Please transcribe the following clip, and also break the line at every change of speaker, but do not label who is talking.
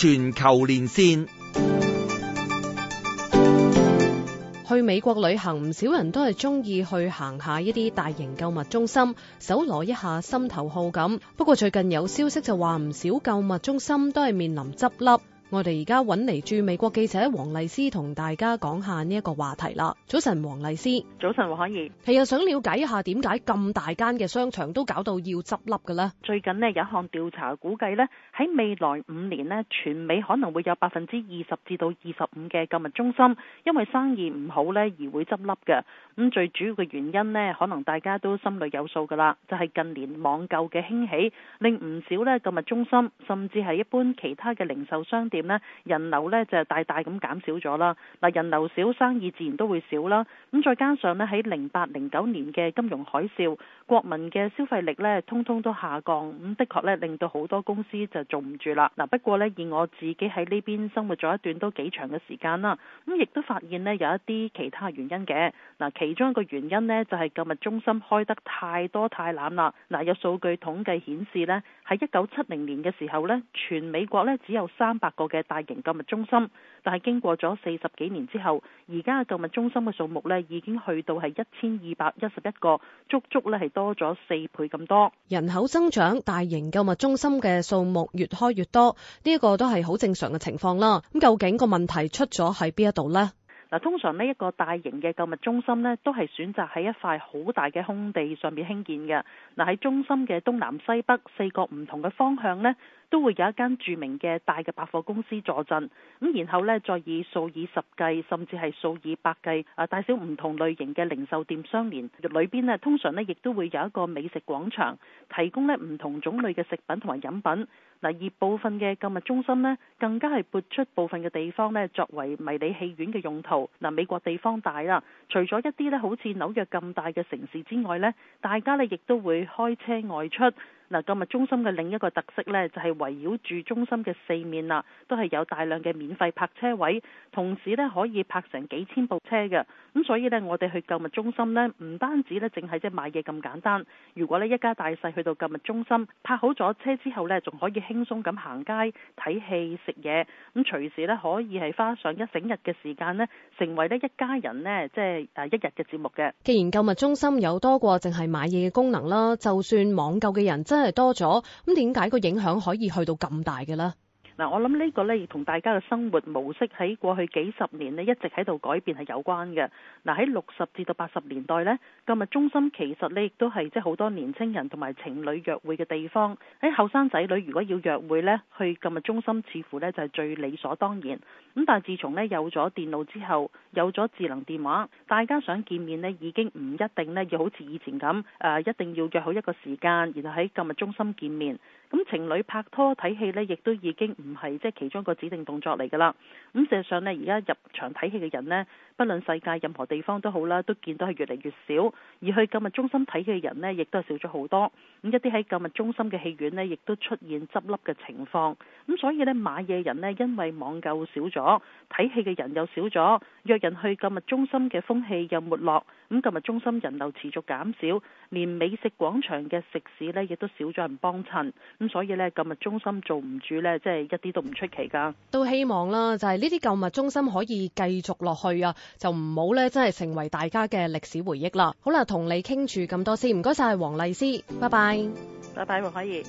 全球連線。去美國旅行，唔少人都係中意去行下一啲大型購物中心，搜羅一下心頭好咁。不過最近有消息就話，唔少購物中心都係面臨執笠。我哋而家揾嚟駐美國記者黃麗施同大家講下呢一個話題啦。早晨，黃麗施。
早晨，凱宜。係呀，想了解一下點解咁大間嘅商場都搞到要執笠嘅咧？最近呢，有一項調查估計呢，喺未來五年呢，全美可能會有百分之二十至到二十五嘅購物中心因為生意唔好呢而會執笠嘅。咁最主要嘅原因呢，可能大家都心裏有數噶啦，就係近年網購嘅興起，令唔少呢購物中心甚至係一般其他嘅零售商店。人流咧就大大咁減少咗啦。嗱，人流少，生意自然都會少啦。咁再加上呢，喺零八零九年嘅金融海嘯，國民嘅消費力呢通通都下降。咁的確呢，令到好多公司就做唔住啦。嗱，不過呢，以我自己喺呢邊生活咗一段都幾長嘅時間啦，咁亦都發現呢，有一啲其他原因嘅。嗱，其中一個原因呢，就係購物中心開得太多太濫啦。嗱，有數據統計顯示呢，喺一九七零年嘅時候呢，全美國呢，只有三百個嘅大型購物中心，但係經過咗四十幾年之後，而家嘅購物中心嘅數目咧已經去到係一千二百一十一個，足足咧係多咗四倍咁多。
人口增長，大型購物中心嘅數目越開越多，呢、這、一個都係好正常嘅情況啦。咁究竟個問題出咗喺邊一度咧？
嗱，通常呢一個大型嘅購物中心咧，都係選擇喺一塊好大嘅空地上面興建嘅。嗱，喺中心嘅東南西北四個唔同嘅方向咧，都會有一間著名嘅大嘅百貨公司坐鎮，咁然後咧，再以數以十計，甚至係數以百計啊，大小唔同類型嘅零售店相連，裏邊咧，通常咧亦都會有一個美食廣場提供咧唔同種類嘅食品同埋飲品。嗱，而部分嘅購物中心咧，更加係撥出部分嘅地方咧，作為迷你戲院嘅用途。嗱，美國地方大啦，除咗一啲咧好似紐約咁大嘅城市之外咧，大家咧亦都會開車外出。嗱，購物中心嘅另一個特色咧，就係圍繞住中心嘅四面啦，都係有大量嘅免費泊車位，同時咧可以泊成幾千部車嘅。咁所以咧，我哋去購物中心咧，唔單止咧淨係即係買嘢咁簡單，如果咧一家大細去到購物中心泊好咗車之後咧，仲可以輕鬆咁行街睇戲食嘢，咁隨時咧可以係花上一整日嘅時間咧，成為咧一家人咧即係誒一日嘅節目嘅。
既然購物中心有多過淨係買嘢嘅功能啦，就算網購嘅人真，真係多咗，咁點解個影響可以去到咁大嘅呢？
嗱，我諗呢個咧，亦同大家嘅生活模式喺過去幾十年咧，一直喺度改變係有關嘅。嗱，喺六十至到八十年代呢，購物中心其實呢亦都係即係好多年青人同埋情侶約會嘅地方。喺後生仔女如果要約會呢，去購物中心似乎呢就係最理所當然。咁但係自從呢有咗電腦之後，有咗智能電話，大家想見面呢已經唔一定呢要好似以前咁，誒一定要約好一個時間，然後喺購物中心見面。咁情侶拍拖睇戲呢亦都已經唔～唔係即係其中個指定動作嚟㗎啦。咁事實上呢，而家入場睇戲嘅人呢，不論世界任何地方都好啦，都見到係越嚟越少。而去購物中心睇戲嘅人呢，亦都係少咗好多。咁一啲喺購物中心嘅戲院呢，亦都出現執笠嘅情況。咁所以呢，買嘢人呢，因為網購少咗，睇戲嘅人又少咗，約人去購物中心嘅風氣又沒落。咁購物中心人流持續減少，連美食廣場嘅食肆呢，亦都少咗人幫襯。咁所以呢，購物中心做唔住呢，即係一啲都唔出奇噶，
都希望啦，就係呢啲購物中心可以繼續落去啊，就唔好咧，真係成為大家嘅歷史回憶啦。好啦，同你傾住咁多先，唔該晒黃麗施，拜拜，拜拜黃凱宜。